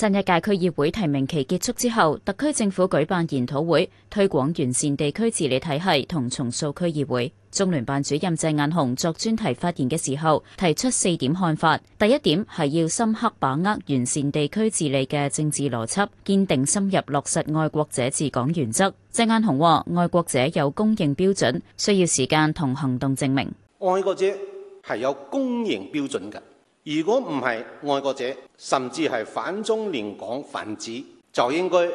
新一屆區議會提名期結束之後，特區政府舉辦研討會，推廣完善地區治理體系同重塑區議會。中聯辦主任鄭雁雄作專題發言嘅時候，提出四點看法。第一點係要深刻把握完善地區治理嘅政治邏輯，堅定深入落實愛國者治港原則。鄭雁雄話：愛國者有公認標準，需要時間同行動證明。愛國者係有公認標準嘅。如果唔係愛國者，甚至係反中亂港分子，就應該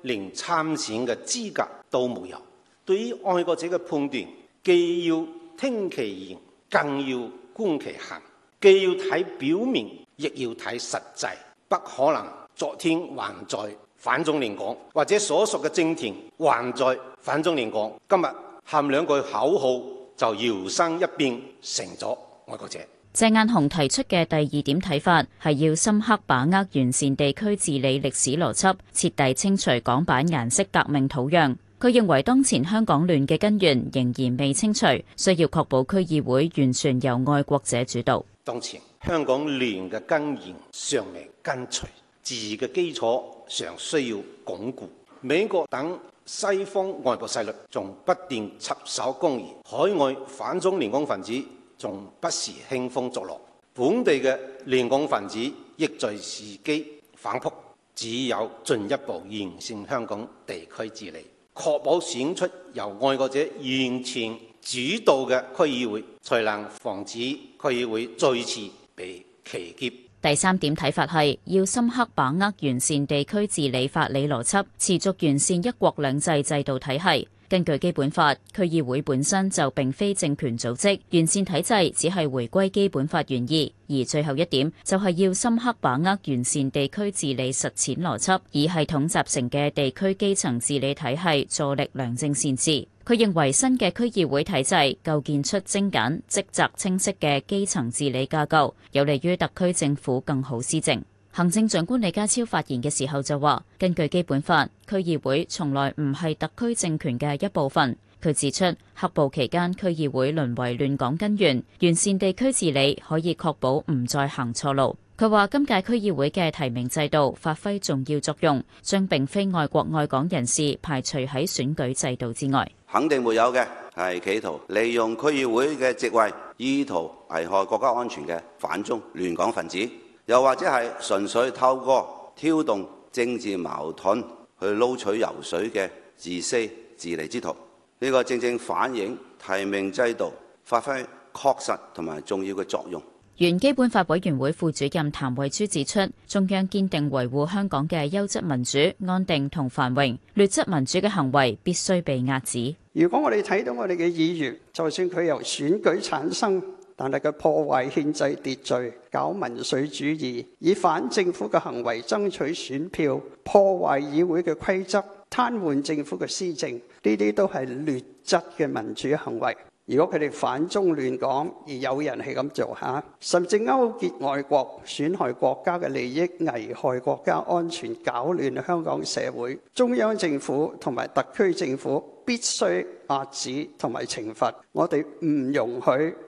連參選嘅資格都沒有。對於愛國者嘅判斷，既要聽其言，更要觀其行；既要睇表面，亦要睇實際。不可能昨天還在反中亂港，或者所屬嘅政團還在反中亂港，今日喊兩句口號就搖身一變成咗愛國者。鄭雁雄提出嘅第二點睇法係要深刻把握完善地區治理歷史邏輯，徹底清除港版顏色革命土壤。佢認為當前香港亂嘅根源仍然未清除，需要確保區議會完全由愛國者主導。當前香港亂嘅根源尚未根除，治嘅基礎尚需要鞏固。美國等西方外部勢力仲不斷插手干預，海外反中亂港分子。仲不時興風作浪，本地嘅亂港分子亦在伺機反撲，只有進一步完善香港地區治理，確保選出由愛國者完全主導嘅區議會，才能防止區議會再次被騎劫。第三點睇法係要深刻把握完善地區治理法理邏輯，持續完善一國兩制制度體系。根據基本法，區議會本身就並非政權組織，完善體制只係回歸基本法原意。而最後一點就係要深刻把握完善地區治理實踐邏輯，以系統集成嘅地區基層治理體系助力良政善治。佢認為新嘅區議會體制構建出精簡、職責清晰嘅基層治理架構，有利於特區政府更好施政。行政長官李家超發言嘅時候就話：根據基本法，區議會從來唔係特區政權嘅一部分。佢指出，黑暴期間區議會淪為亂港根源，完善地區治理可以確保唔再行錯路。佢話：今屆區議會嘅提名制度發揮重要作用，將並非外國外港人士排除喺選舉制度之外。肯定沒有嘅，係企圖利用區議會嘅職位，意圖危害國家安全嘅反中亂港分子。又或者係純粹透過挑動政治矛盾去撈取油水嘅自私自利之徒，呢個正正反映提名制度發揮確實同埋重要嘅作用。原基本法委員會副主任譚惠珠指出，中央堅定維護香港嘅優質民主、安定同繁榮，劣質民主嘅行為必須被壓止。如果我哋睇到我哋嘅議員，就算佢由選舉產生。但係佢破壞憲制秩序，搞民粹主義，以反政府嘅行為爭取選票，破壞議會嘅規則，癱瘓政府嘅施政，呢啲都係劣質嘅民主行為。如果佢哋反中亂港而有人係咁做吓，甚至勾結外國，損害國家嘅利益，危害國家安全，搞亂香港社會，中央政府同埋特區政府必須遏止同埋懲罰。我哋唔容許。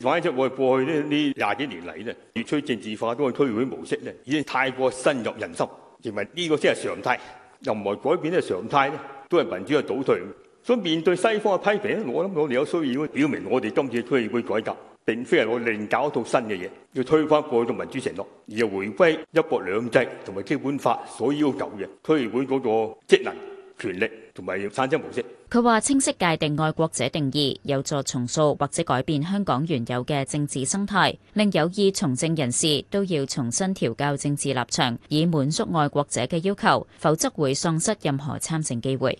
反映出我哋過去呢呢廿幾年嚟咧，越趨政治化，嗰個區議會模式已經太過深入人心，認為呢個先係常態，任何改變嘅常態都係民主嘅倒退。所以面對西方嘅批評，我諗我哋有需要表明，我哋今次嘅區議會改革並非係我另搞一套新嘅嘢，要推翻過去嘅民主承諾，而係回歸一國兩制同埋基本法所要求嘅區議會嗰個職能，權力同埋參政模式。佢話清晰界定愛國者定義，有助重塑或者改變香港原有嘅政治生態，令有意從政人士都要重新調教政治立場，以滿足愛國者嘅要求，否則會喪失任何參政機會。